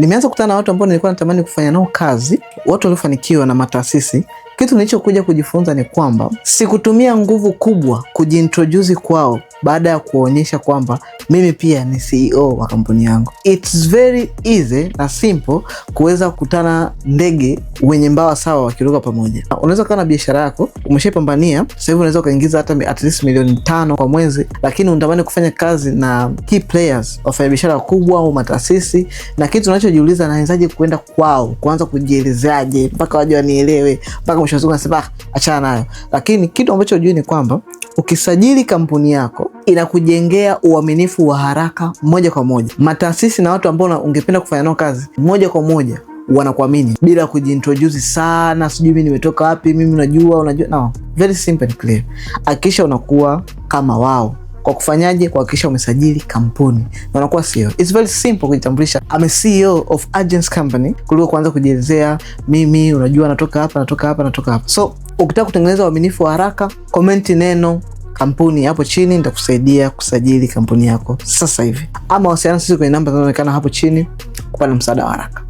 nimeanza kukutana na watu ambao nilikuwa natamani kufanya nao kazi, watu waliofanikiwa na mataasisi. Kitu nilichokuja kujifunza ni kwamba sikutumia nguvu kubwa kujiintroduce kwao baada ya kuonyesha kwamba mimi pia ni CEO wa kampuni yangu. It's very easy na simple kuweza kukutana ndege wenye mbawa sawa wakiruka pamoja. Unaweza kuwa na biashara yako umeshaipambania, sasa hivi unaweza ukaingiza hata at least milioni tano kwa mwezi, lakini unatamani kufanya kazi na key players, wafanyabiashara wakubwa au mataasisi, na kitu unachojiuliza nawezaje kuenda kwao, kuanza kujielezeaje mpaka waje wanielewe, mpaka mwisho wa siku nasema ah, achana nayo. Lakini kitu ambacho hujui ni kwamba ukisajili kampuni yako inakujengea uaminifu wa haraka moja kwa moja. Mataasisi na watu ambao ungependa kufanya nao kazi moja kwa moja wanakuamini bila kujiintroduce sana, sijui mimi nimetoka wapi, mimi unajua, unajua. No, very simple and clear. Hakikisha unakuwa kama wao. Kwa kufanyaje? Kuhakikisha umesajili kampuni na unakuwa CEO. It's very simple kujitambulisha, I'm a CEO of Agents Company, kuliko kuanza kujielezea mimi, unajua, natoka hapa, natoka hapa, natoka hapa. So ukitaka kutengeneza uaminifu wa haraka, komenti neno kampuni hapo chini, nitakusaidia kusajili kampuni yako sasa hivi, ama wasiliana sisi kwenye namba zinazoonekana hapo chini kupata msaada wa haraka.